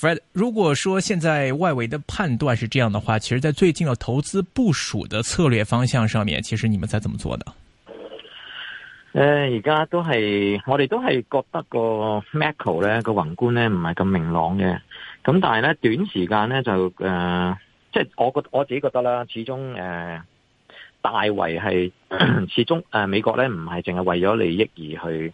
Fred，如果說現在外圍的判斷是這樣的話，其實，在最近嘅投資部署的策略方向上面，其實你們在怎麼做的，不是那麼明朗的？誒，而家都係我哋都係覺得個 macro 咧個宏觀咧唔係咁明朗嘅，咁但係咧短時間咧就誒，即、呃、係、就是、我覺我自己覺得啦，始終誒、呃、大圍係始終誒、呃、美國咧唔係淨係為咗利益而去。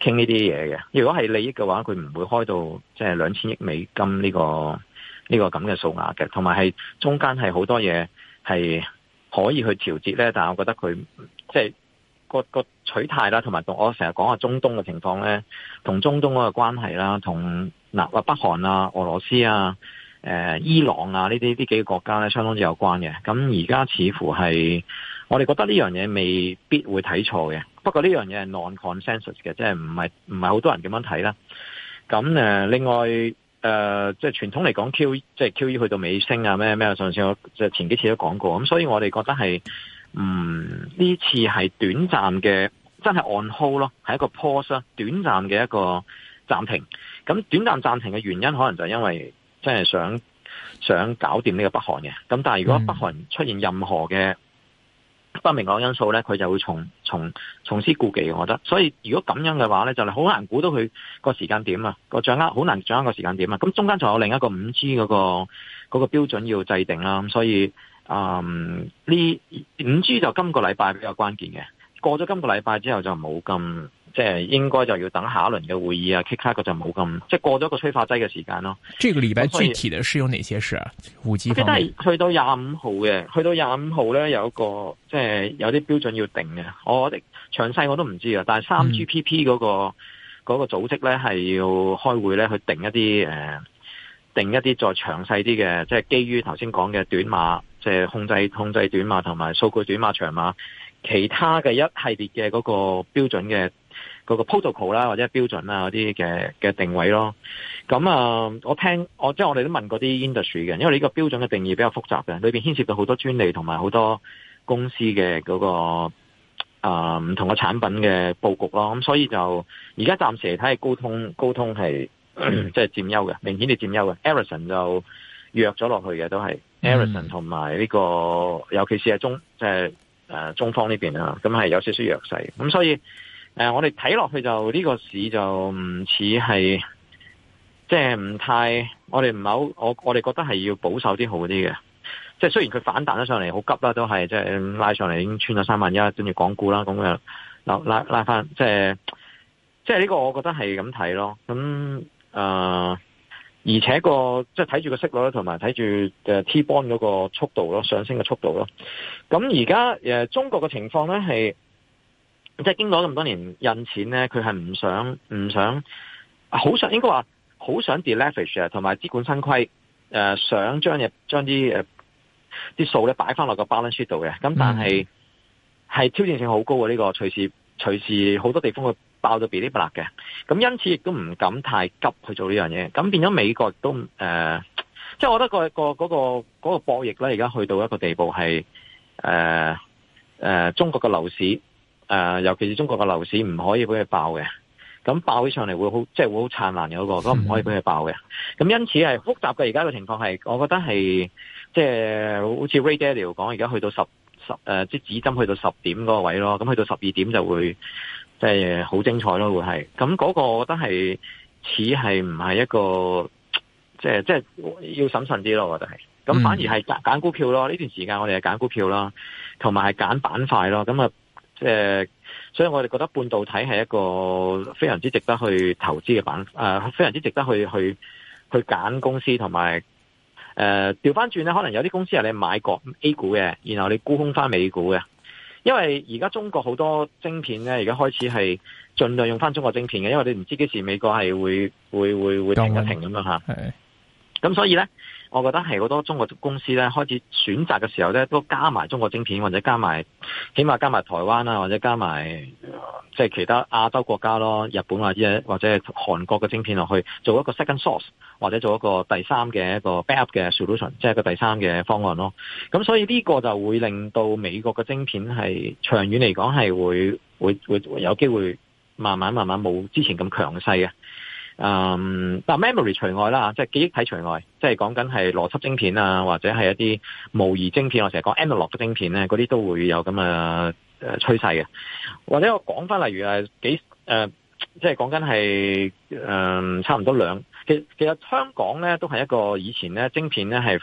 傾呢啲嘢嘅，如果係利益嘅話，佢唔會開到即係兩千億美金呢個呢個咁嘅數額嘅，同埋係中間係好多嘢係可以去調節咧。但係我覺得佢即係個個取態啦，同埋我成日講下中東嘅情況咧，同中東嗰個關係啦，同嗱北韓啊、俄羅斯啊、誒、呃、伊朗啊呢啲呢幾個國家咧，相當之有關嘅。咁而家似乎係。我哋覺得呢樣嘢未必會睇錯嘅，不過呢樣嘢係 non-consensus 嘅，即係唔係唔係好多人咁樣睇啦。咁誒，另外誒，即係傳統嚟講，Q 即係 QE 去到尾聲啊，咩咩啊，上次我即係前幾次都講過。咁所以我哋覺得係，嗯，呢次係短暫嘅，真係 on hold 咯，係一個 pause，短暫嘅一個暫停。咁短暫暫停嘅原因，可能就係因為真係想想搞掂呢個北韓嘅。咁但係如果北韓出現任何嘅，不明嗰因素咧，佢就會重重重施故技，我覺得。所以如果咁樣嘅話咧，就係好難估到佢個時間點啊，個掌握好難掌握個時間點啊。咁中間仲有另一個五 G 嗰個嗰個標準要制定啦，咁所以啊，呢、嗯、五 G 就今個禮拜比較關鍵嘅。過咗今個禮拜之後就冇咁。即係應該就要等下一輪嘅會議啊，kick 開個就冇咁，即係過咗個催化劑嘅時間咯。這個禮拜具體的是有哪些事？啊？五 G，即係去到廿五號嘅，去到廿五號咧有一個即係有啲標準要定嘅。我哋詳細我都唔知啊，但係三 GPP 嗰、那個嗰、嗯、個組織咧係要開會咧去定一啲誒、呃，定一啲再詳細啲嘅，即係基於頭先講嘅短碼，即、就、係、是、控制控制短碼同埋數據短碼、長碼，其他嘅一系列嘅嗰個標準嘅。嗰個 protocol 啦，或者標準啊嗰啲嘅嘅定位咯。咁、嗯、啊，我聽我即係我哋都問過啲 industry 嘅，因為呢個標準嘅定義比較複雜嘅，裏邊牽涉到好多專利同埋好多公司嘅嗰、個啊唔、嗯、同嘅產品嘅佈局咯。咁所以就而家暫時嚟睇，係高通高通係即係佔優嘅，明顯係佔優嘅。Ericsson 就弱咗落去嘅，都係 Eric、嗯、sson 同埋呢個，尤其是係中即係誒中方呢邊啊，咁係有少少弱勢。咁、嗯、所以。誒、呃，我哋睇落去就呢、這個市就唔似係，即係唔太，我哋唔係好，我我哋覺得係要保守啲好啲嘅。即係雖然佢反彈咗上嚟，好急啦，都係即係拉上嚟已經穿咗三萬一，跟住港股啦，咁樣拉拉拉翻，即係即係呢個，我覺得係咁睇咯。咁誒、呃，而且個即係睇住個息率同埋睇住誒 T bond 嗰個速度咯，上升嘅速度咯。咁而家誒中國嘅情況咧係。即係經過咁多年印錢咧，佢係唔想唔想，好想，想應該話好想 deleverage 啊，同埋資管新規，誒、呃、想將嘢將啲誒啲數咧擺翻落個 balance sheet 度嘅。咁但係係、嗯、挑戰性好高嘅呢、呢個，隨時隨時好多地方會爆到嗶哩啪啦嘅。咁因此亦都唔敢太急去做呢樣嘢。咁變咗美國都誒，即係我覺得、嗰個、嗰個、嗰個、嗰個博弈咧，而家去到一個地步係誒誒，中國嘅樓市。誒、呃，尤其是中國嘅樓市唔可以俾佢爆嘅，咁爆起上嚟會好，即係會好燦爛嘅嗰個，唔可以俾佢爆嘅。咁因此係複雜嘅，而家嘅情況係，我覺得係即係好似 Ray Dalio 講，而家去到十十誒，即、呃、係指針去到十點嗰個位咯，咁去到十二點就會即係好精彩咯，會係。咁嗰個，我覺得係似係唔係一個即係即係要審慎啲咯，我覺得係。咁反而係揀股票咯，呢、嗯、段時間我哋係揀股票啦，同埋係揀板塊咯，咁啊。即、呃、所以我哋覺得半導體係一個非常之值得去投資嘅板，誒、呃，非常之值得去去去揀公司，同埋誒，調翻轉咧，可能有啲公司係你買國 A 股嘅，然後你沽空翻美股嘅，因為而家中國好多晶片咧，而家開始係盡量用翻中國晶片嘅，因為你唔知幾時美國係會會會會停一停咁、嗯、樣吓。咁所以咧，我覺得係好多中國公司咧開始選擇嘅時候咧，都加埋中國晶片，或者加埋，起碼加埋台灣啊，或者加埋即係其他亞洲國家咯，日本啊，或者或者韓國嘅晶片落去，做一個 second source，或者做一個第三嘅一個 backup 嘅 solution，即係個第三嘅方案咯。咁所以呢個就會令到美國嘅晶片係長遠嚟講係會會會有機會慢慢慢慢冇之前咁強勢嘅。嗯，嗱、um, memory 除外啦，即係記憶體除外，即係講緊係邏輯晶片啊，或者係一啲模擬晶片，我成日講 analog 嘅晶片咧，嗰啲都會有咁嘅誒趨勢嘅。或者我講翻例如誒幾誒、呃，即係講緊係誒差唔多兩，其實其實香港咧都係一個以前咧晶片咧係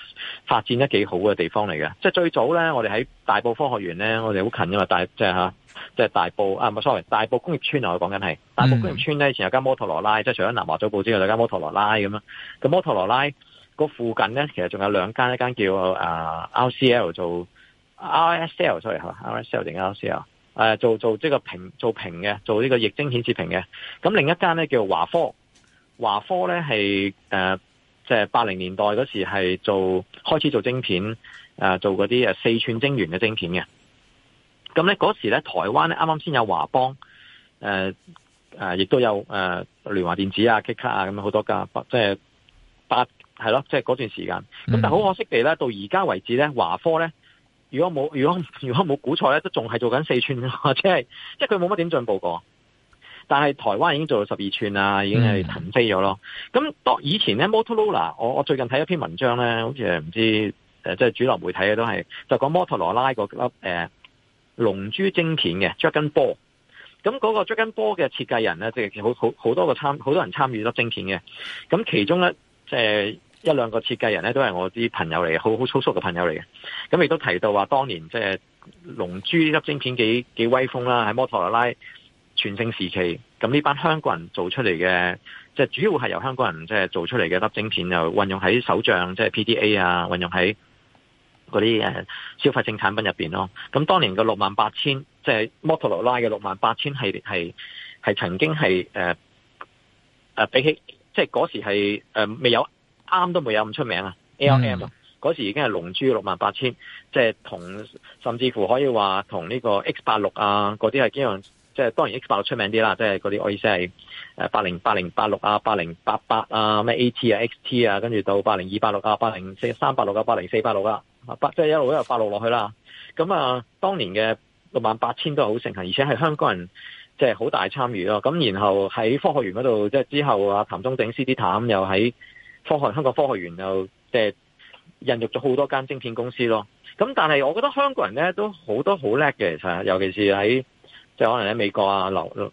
發展得幾好嘅地方嚟嘅。即係最早咧，我哋喺大埔科學園咧，我哋好近啊嘛，大即係吓。就是即係大埔啊，唔係 sorry，大埔工業村啊，我講緊係大埔工業村咧，以前有間摩托羅拉，即係、嗯、除咗南華早報之外，有間摩托羅拉咁啊。咁摩托羅拉個附近咧，其實仲有兩間，一間叫啊 RCL 做 R S L，sorry 吓，R S L 定 RCL，誒做做即係個屏做屏嘅，做呢個液晶顯示屏嘅。咁另一間咧叫華科，華科咧係誒即係八零年代嗰時係做開始做晶片，誒、啊、做嗰啲誒四寸晶圓嘅晶片嘅。咁呢嗰時呢，台灣呢啱啱先有華邦，誒、呃、亦、呃、都有誒、呃、聯華電子啊、Kikka 啊，咁好多家，即、就、係、是、八係囉，即係嗰段時間。咁但好可惜地呢，到而家為止呢，華科呢，如果冇如果如果冇估錯咧，都仲係做緊四寸，或者係即係佢冇乜點進步過。但係台灣已經做到十二寸啊，已經係騰飛咗囉。咁 以前呢 Motorola 我最近睇一篇文章呢，好似係唔知即係、就是、主流媒體嘅都係就講 Motorola 嗰粒龍珠晶片嘅，dragon ball，咁嗰個 dragon ball 嘅設計人呢，即係好好，好多個參，好多人參與粒晶片嘅，咁其中呢，即係一兩個設計人呢，都係我啲朋友嚟，好好粗俗嘅朋友嚟嘅，咁亦都提到話當年即係龍珠呢粒晶片幾幾威風啦，喺摩托羅拉全盛時期，咁呢班香港人做出嚟嘅，即係主要係由香港人即係做出嚟嘅粒晶片，就運用喺手杖，即係 PDA 啊，運用喺。嗰啲誒消費性產品入邊咯。咁當年嘅六萬八千，即係摩托羅拉嘅六萬八千系列係係曾經係誒誒比起即係嗰時係未、呃、有啱都未有咁出名啊！A R M 啊，嗰、嗯、時已經係龍珠六萬八千，即係同甚至乎可以話同呢個 X 八六啊嗰啲係幾樣，即係、就是、當然 X 八六出名啲啦，即係嗰啲我意思係誒八零八零八六啊，八零八八啊，咩 A T 啊，X T 啊，跟住到八零二八六啊，八零四三八六啊，八零四八六啊。啊，即係一路一路八路落去啦。咁啊，當年嘅六萬八千都係好盛行，而且係香港人即係好大參與咯。咁然後喺科學園嗰度，即係之後啊，譚中鼎、施啲坦又喺科學香港科學園又即係孕育咗好多間晶片公司咯。咁但係我覺得香港人咧都好多好叻嘅，其實尤其是喺即係可能喺美國啊流。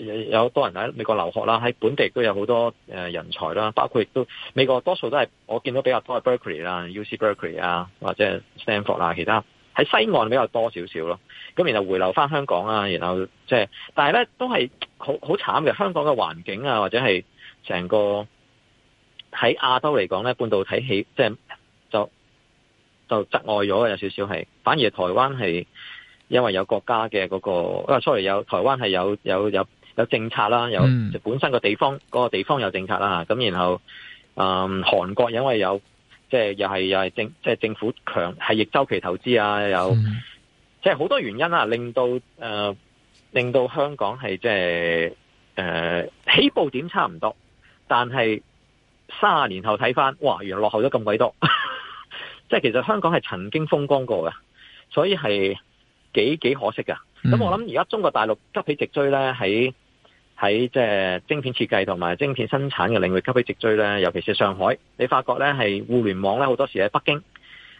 有多人喺美國留學啦，喺本地都有好多誒人才啦，包括亦都美國多數都係我見到比較多係 Berkeley 啦、UC Berkeley 啊，或者 Stanford 啊，其他喺西岸比較多少少咯。咁然後回流翻香港啊，然後即係但係咧都係好好慘嘅。香港嘅環境啊，或者係成個喺亞洲嚟講咧，半導體起即係就就窒礙咗有少少係，反而台灣係因為有國家嘅嗰個，因為 sorry 有台灣係有有有。有有有政策啦，有本身個地方、嗯、個地方有政策啦，咁然後，誒、嗯，韓國因為有即係、就是、又係又係政，即、就、係、是、政府強係逆周期投資啊，有即係好多原因啦，令到誒、呃、令到香港係即係誒起步點差唔多，但係卅年後睇返，哇，原來落後咗咁鬼多，即 係其實香港係曾經風光過嘅，所以係幾幾可惜噶。咁、嗯、我諗而家中國大陸急起直追咧，喺喺即係晶片設計同埋晶片生產嘅領域，急起直追咧。尤其是上海，你發覺咧係互聯網咧好多時喺北京，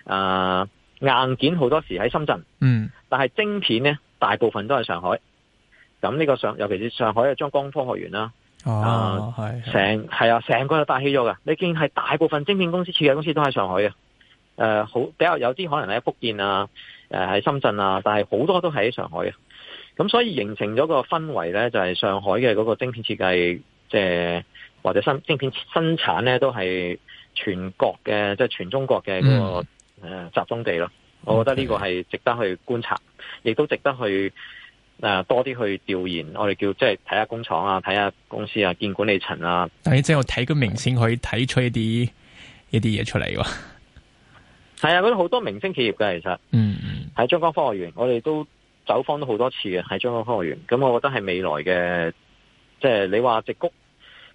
啊、呃、硬件好多時喺深圳，嗯，但係晶片咧大部分都喺上海。咁呢個上，尤其是上海啊，張光科學園啦，啊係成係啊，成個都帶起咗嘅。你見係大部分晶片公司、設計公司都喺上海嘅。誒、呃，好比較有啲可能喺福建啊，誒、呃、喺深圳啊，但係好多都喺上海嘅。咁所以形成咗個氛圍咧，就係、是、上海嘅嗰個晶片設計，即係或者生晶片生產咧，都係全國嘅，即、就、係、是、全中國嘅嗰個誒集中地咯。嗯、我覺得呢個係值得去觀察，okay. 亦都值得去誒、呃、多啲去調研。我哋叫即係睇下工廠啊，睇下公司啊，見管理層啊。但係即係我睇個明星，可以睇出一啲一啲嘢出嚟喎。係啊，嗰啲好多明星企業嘅其實，嗯喺、嗯、張江科學院，我哋都。走訪都好多次嘅，喺張江科學園，咁我覺得係未來嘅，即、就、係、是、你話矽谷，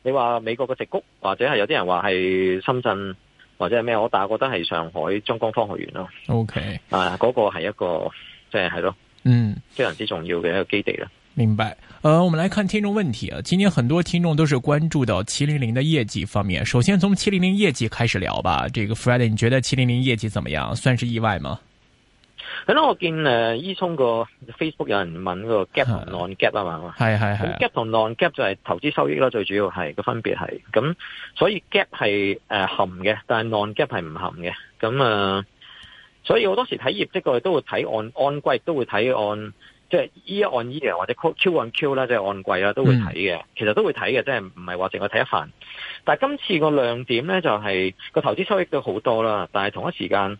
你話美國嘅矽谷，或者係有啲人話係深圳或者係咩，我但係覺得係上海張江科學園咯。OK，啊，嗰、那個係一個即係係咯，就是、是嗯，非常之重要嘅一個基地啦。明白。呃，我們來看聽眾問題啊，今天很多聽眾都是關注到七零零嘅業績方面。首先從七零零業績開始聊吧。這個 Freddy，你覺得七零零業績怎麼樣？算是意外嗎？咁咧，我見誒、呃、伊聰個 Facebook 有人問個 gap 同 non gap 啊嘛，係係係，gap 同 non gap 就係投資收益啦，最主要係個分別係，咁所以 gap 係誒、呃、含嘅，但係 non gap 係唔含嘅，咁啊、呃，所以我當時睇業績個，都會睇按按季，都會睇按即係一按 e a 或者 q 按 q 啦，即係按季啦，都會睇嘅，嗯、其實都會睇嘅，即係唔係話淨係睇一份，但係今次個亮點咧就係、是、個投資收益都好多啦，但係同一時間。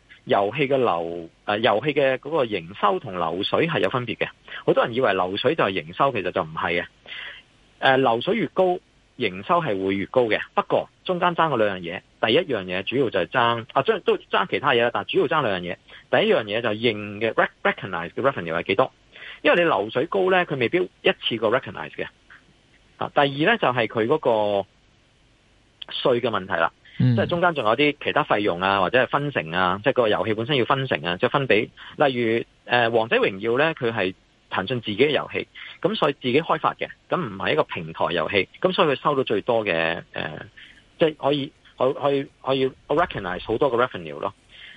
遊戲嘅流誒，遊戲嘅嗰個營收同流水係有分別嘅。好多人以為流水就係營收，其實就唔係嘅。誒、呃，流水越高，營收係會越高嘅。不過中間爭嗰兩樣嘢，第一樣嘢主要就係爭啊，都爭其他嘢啦。但係主要爭兩樣嘢。第一樣嘢就係認嘅 recognize 嘅 revenue 係幾多？因為你流水高呢，佢未必一次過 recognize 嘅。啊，第二呢就係、是、佢嗰個稅嘅問題啦。嗯、即係中間仲有啲其他費用啊，或者係分成啊，即係個遊戲本身要分成啊，即係分俾。例如，誒、呃《王者榮耀》呢咧，佢係騰訊自己嘅遊戲，咁所以自己開發嘅，咁唔係一個平台遊戲，咁所以佢收到最多嘅，誒、呃，即係可以，可以可以可以 recognize 好多個 revenue 咯。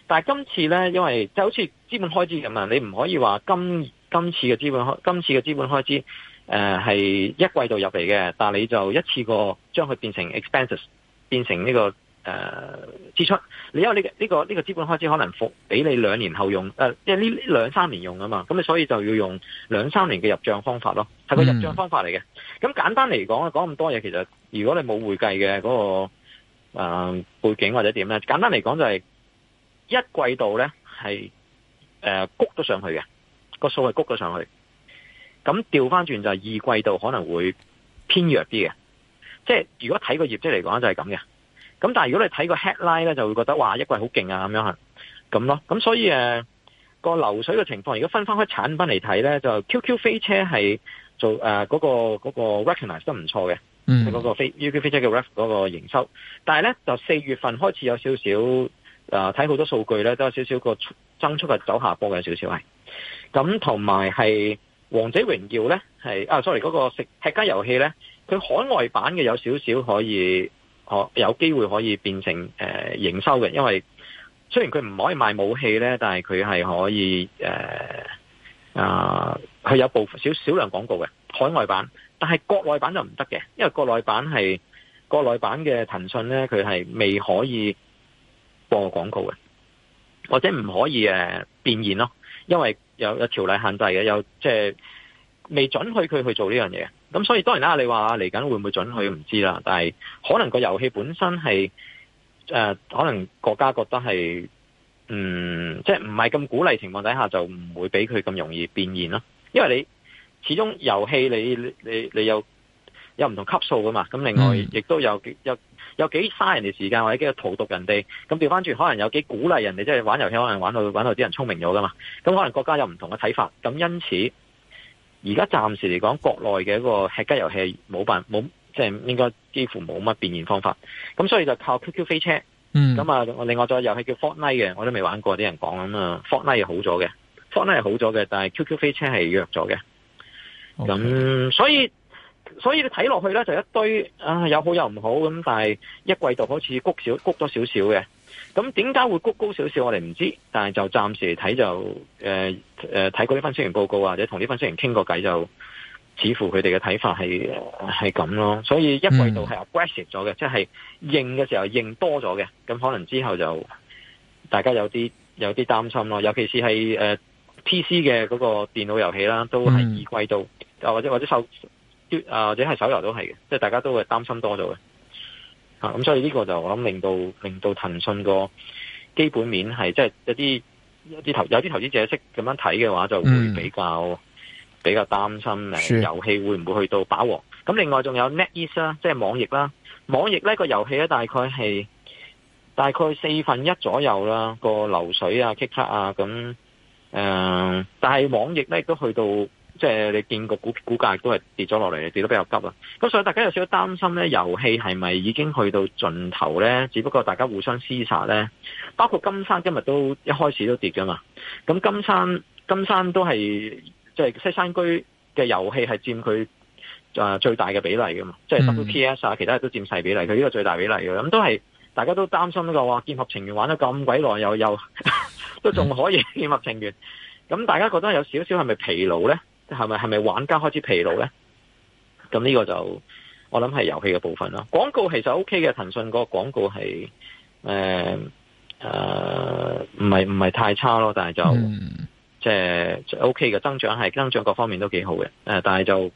但係今次咧，因為就好似資本開支咁啊，你唔可以話今今次嘅資本開，今次嘅資本、本開支誒係、呃、一季度入嚟嘅，但係你就一次過將佢變成 expenses，變成呢個。誒，支、呃、出，你有呢、這個呢、這個呢、這個資本開支，可能付俾你兩年後用，誒、呃，即係呢兩三年用啊嘛，咁你所以就要用兩三年嘅入賬方法咯，係個入賬方法嚟嘅。咁、嗯、簡單嚟講，講咁多嘢，其實如果你冇會計嘅嗰、那個誒、呃、背景或者點咧，簡單嚟講就係一季度咧係誒谷咗上去嘅，個數係谷咗上去，咁調翻轉就係二季度可能會偏弱啲嘅，即係如果睇個業績嚟講就係咁嘅。咁但係如果你睇個 headline 咧，就會覺得哇，一季好勁啊咁樣，咁咯。咁所以誒個、呃、流水嘅情況，如果分翻開產品嚟睇咧，就 QQ 飛車係做誒嗰、呃那個嗰、那個 recognize 都唔錯嘅，佢嗰、嗯、個 QQ 飛車嘅 ref 嗰個營收。但係咧就四月份開始有少少誒睇好多數據咧，都有少少個增速嘅走下坡嘅有少少係。咁同埋係《王者榮耀呢》咧，係啊 sorry 嗰個食吃雞遊戲咧，佢海外版嘅有少少可以。哦，有機會可以變成誒、呃、營收嘅，因為雖然佢唔可以賣武器咧，但係佢係可以誒啊，佢、呃呃、有部少少量廣告嘅海外版，但係國內版就唔得嘅，因為國內版係國內版嘅騰訊咧，佢係未可以播廣告嘅，或者唔可以誒變現咯，因為有有條例限制嘅，有即係、就是、未准許佢去做呢樣嘢。咁所以當然啦，你話嚟緊會唔會準許唔知啦，但係可能個遊戲本身係誒，可能國家覺得係嗯，即係唔係咁鼓勵情況底下就唔會俾佢咁容易變現咯。因為你始終遊戲你你你有有唔同級數噶嘛，咁另外亦都有有有幾嘥人哋時間或者幾荼毒人哋，咁掉返轉可能有幾鼓勵人哋即係玩遊戲，可能玩到玩到啲人聰明咗噶嘛，咁可能國家有唔同嘅睇法，咁因此。而家暫時嚟講，國內嘅一個吃雞遊戲冇辦冇，即係應該幾乎冇乜變現方法。咁所以就靠 QQ 飛車。嗯。咁啊，我另外仲有遊戲叫 Fortnite 嘅，我都未玩過。啲人講咁啊，Fortnite 好咗嘅，Fortnite 係好咗嘅，但係 QQ 飛車係弱咗嘅。咁 Okay. 所以所以你睇落去咧，就一堆啊，有好有唔好咁，但係一季度好似谷少谷咗少少嘅。咁點解會高高少少？我哋唔知，但係就暫時睇就誒睇、呃呃、過啲分析員報告，或者同啲分析員傾過偈，就似乎佢哋嘅睇法係係咁咯。所以一季度係 aggressive 咗嘅，嗯、即係認嘅時候認多咗嘅。咁可能之後就大家有啲有啲擔心咯。尤其是喺 PC 嘅嗰個電腦遊戲啦，都係二季度，或者或者手啊或者係手遊都係嘅，即係大家都會擔心多咗嘅。咁所以呢個就我諗令到令到騰訊個基本面係即係有啲有啲投有啲投資者識咁樣睇嘅話就會比較比較擔心誒遊戲會唔會去到飽和？咁另外仲有 NetEase 啦，即係網易啦，網易咧個遊戲咧大概係大概四分一左右啦個流水啊、KPI 啊咁誒，但係網易咧亦都去到。即係你見個股股價都係跌咗落嚟，跌得比較急啊！咁所以大家有少少擔心咧，遊戲係咪已經去到盡頭咧？只不過大家互相廝殺咧。包括金山今日都一開始都跌噶嘛。咁金山金山都係即係西山居嘅遊戲係佔佢誒最大嘅比例噶嘛。即係 WPS 啊，其他都佔細比例，佢呢個最大比例嘅。咁都係大家都擔心呢個哇劍俠情緣玩得咁鬼耐又又 都仲可以劍俠情緣。咁大家覺得有少少係咪疲勞咧？係咪係咪玩家開始疲勞咧？咁呢個就我諗係遊戲嘅部分啦。廣告其實 O K 嘅，騰訊個廣告係誒誒唔係唔係太差咯，但係就、嗯、即係 O K 嘅增長係增長，各方面都幾好嘅。誒，但係就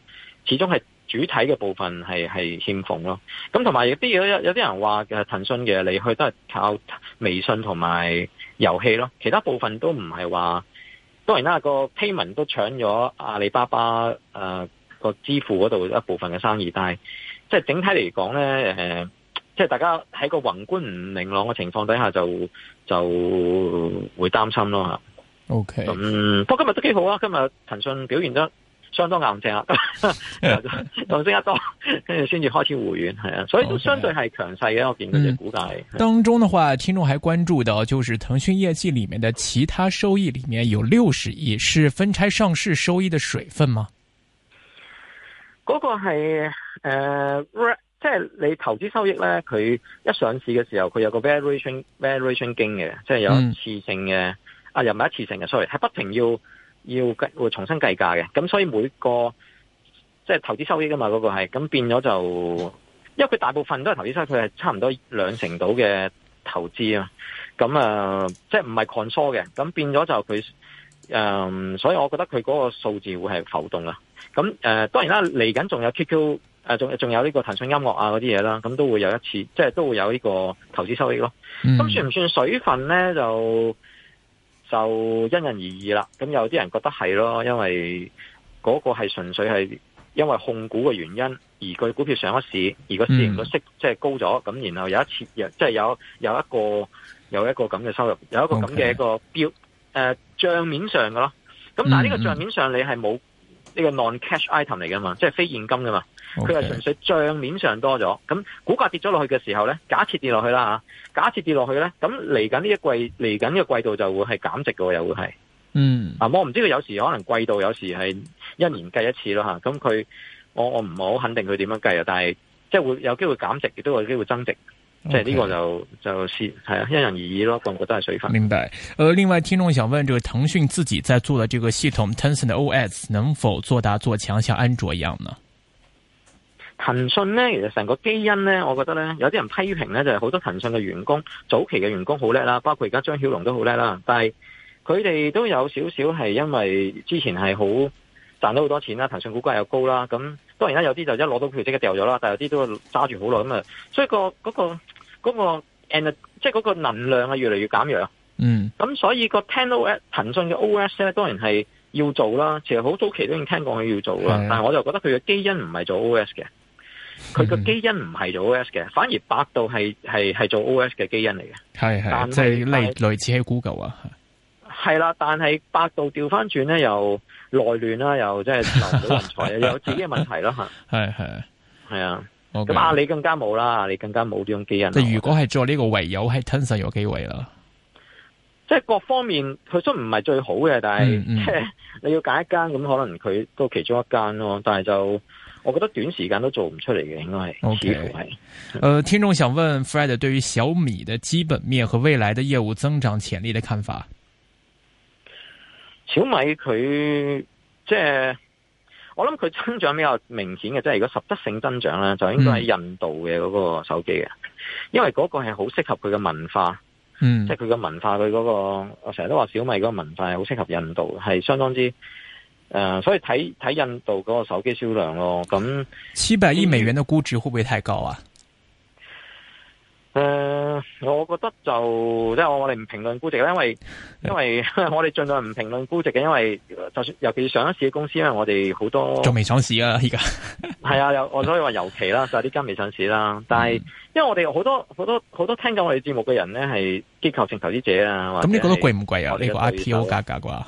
始終係主體嘅部分係係欠奉咯。咁同埋有啲有有啲人話嘅騰訊嘅你去都係靠微信同埋遊戲咯，其他部分都唔係話。當然啦，那個 payment 都搶咗阿里巴巴誒，呃那個支付嗰度一部分嘅生意，但係即係整體嚟講咧，即係大家喺個宏觀唔明朗嘅情況底下就，就就會擔心咯，吓，OK。咁不過今日都幾好啊，今日騰訊表現得。相當硬淨啊，上升一多，跟住 先至開始回軟，係啊，所以都相對係強勢嘅。我見嗰隻股價係。當中嘅話，聽眾還關注到，就是騰訊業績裏面嘅其他收益裏面有六十億，是分拆上市收益嘅水分嗎？嗰個係誒、呃，即係你投資收益咧，佢一上市嘅時候，佢有個 variation，variation 經嘅，即係有一次性嘅，啊又唔係一次性嘅，sorry，係不停要。要計會重新計價嘅，咁所以每個即係、就是、投資收益㗎嘛，嗰、那個係咁變咗就，因為佢大部分都係投資收益，佢係差唔多兩成到嘅投資啊，咁啊，即係唔係 conso 嘅，咁、就是、變咗就佢，誒、呃，所以我覺得佢嗰個數字會係浮動啦。咁誒、呃，當然啦，嚟緊仲有 QQ 誒仲仲有呢個騰訊音樂啊嗰啲嘢啦，咁都會有一次，即、就、係、是、都會有呢個投資收益咯。咁、嗯、算唔算水分咧？就就因人而異啦，咁有啲人覺得係咯，因為嗰個係純粹係因為控股嘅原因，而個股票上咗市，而個市盈率息即係高咗，咁、嗯、然後有一次，即、就、係、是、有有一個有一個咁嘅收入，有一個咁嘅一個表，誒 okay,、呃，帳面上㗎咯，咁但係呢個帳面上你係冇。呢個 non-cash item 嚟噶嘛，即係非現金噶嘛，佢係 Okay. 純粹帳面上多咗。咁股價跌咗落去嘅時候咧，假設跌落去啦嚇，假設跌落去咧，咁嚟緊呢一季嚟緊呢個季度就會係減值嘅，又會係。嗯。Mm. 啊，我唔知道有時可能季度，有時係一年計一次咯嚇。咁佢，我我唔係好肯定佢點樣計啊。但係，即係會有機會減值，亦都有機會增值。即係呢個就就是係啊，因人而異咯，個個都係水分。明白。呃，另外聽眾想問，這個騰訊自己在做嘅這個系統 Tencent OS 能否做大做強，像安卓一樣呢？騰訊呢，其實成個基因呢，我覺得呢，有啲人批評呢，就係、是、好多騰訊嘅員工，早期嘅員工好叻啦，包括而家張曉龍都好叻啦，但係佢哋都有少少係因為之前係好賺到好多錢啦，騰訊股價又高啦，咁當然啦，有啲就一攞到票即刻掉咗啦，但係有啲都揸住好耐咁啊，所以個、那個。嗰、那個 a 即係嗰個能量啊，越嚟越減弱。嗯，咁所以個 Tencent 騰訊嘅 OS 咧，當然係要做啦。其實好早期都已經聽講佢要做啦，的但係我就覺得佢嘅基因唔係做 OS 嘅，佢嘅基因唔係做 OS 嘅，嗯、反而百度係係係做 OS 嘅基因嚟嘅。係係的，即係類類似喺 Google 啊。係啦，但係百度調翻轉咧，又內亂啦，又即係留唔到人才， 有自己嘅問題啦。吓的，係係係啊。咁啊 Okay. 你！你更加冇啦，你更加冇呢種基因。即係如果係做呢個，唯有係 Tensor 有機會啦。即係各方面，佢雖唔係最好嘅，但係即係你要揀一間，咁可能佢都其中一間咯。但係就我覺得短時間都做唔出嚟嘅，應該係，似乎係。誒、okay. 呃，聽眾想問 Fred 對於小米嘅基本面和未來嘅業務增長潛力嘅看法。小米佢即係。我諗佢增長比較明顯嘅，即係如果實質性增長咧，就應該喺印度嘅嗰個手機嘅，嗯、因為嗰個係好適合佢嘅文化，即係佢嘅文化，佢嗰、嗰個我成日都話小米嗰個文化係好適合印度，係相當之誒、呃，所以睇睇印度嗰個手機銷量咯。咁七百億美元嘅估值會唔會太高啊？誒、呃，我覺得就即係我哋唔評論估值，因為因為我哋盡量唔評論估值嘅，因為就算尤其是上一市嘅公司，因為我哋好多仲未上市啊，而家係啊，又我所以話尤其啦，就係啲間未上市啦。但係、嗯、因為我哋好多好多好多聽緊我哋節目嘅人咧，係機構性投資者，者那貴貴啊，咁你覺得貴唔貴啊？呢個 IPO 價格啩？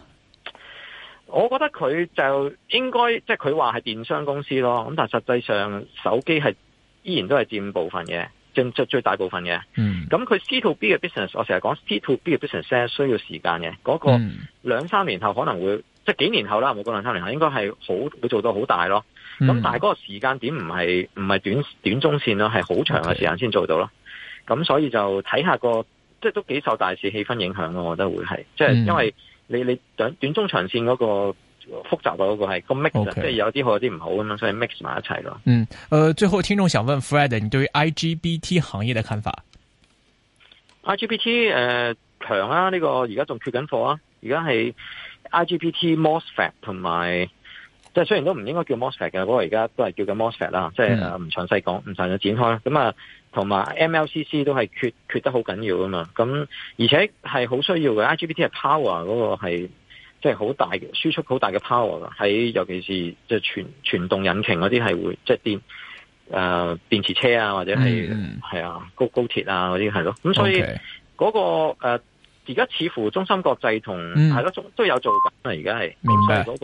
我覺得佢就應該即係佢話係電商公司咯，咁但係實際上手機係依然都係佔部分嘅。最，最大部分嘅，咁佢、嗯、C to B 嘅 business，我成日講 C to B 嘅 business 咧，需要時間嘅，嗰、嗰個兩三年後可能會、嗯、即係幾年後啦，冇講兩三年後應該，應該係好會做到好大咯。咁、嗯、但係嗰個時間點唔係唔係短短中綫咯，係好長嘅時間先做到咯。咁 Okay. 所以就睇下個即係都幾受大市氣氛影響咯，我覺得會係，即係因為你你短短中長綫嗰、嗰個。複雜嘅嗰、那個係、那個 mix，Okay. 即係有啲好有啲唔好咁樣，所以 mix 埋一齊咯。嗯，呃，最後聽眾想問 Fred，你對於 IGBT 行業的看法？IGBT 誒、呃、強啊，呢、這個而家仲缺緊貨啊，而家係 IGBT MOSFET 同埋，即係雖然都唔應該叫 MOSFET 嘅、嗯，不過而家都係叫緊 MOSFET 啦，即係唔詳細講，唔詳細展開。咁啊，同埋 MLCC 都係缺缺得好緊要啊嘛，咁而且係好需要嘅 IGBT 係 power 嗰個係。即係好大嘅輸出，好大嘅 power 噶，喺尤其是即係傳傳動引擎啲係會即係電誒、呃、電池車啊，或者係係、mm. 啊高高鐵啊啲係咯，咁所以 Okay.、嗰個誒而家似乎中芯國際同係咯，都、mm. 都有做緊啊，而家係明白。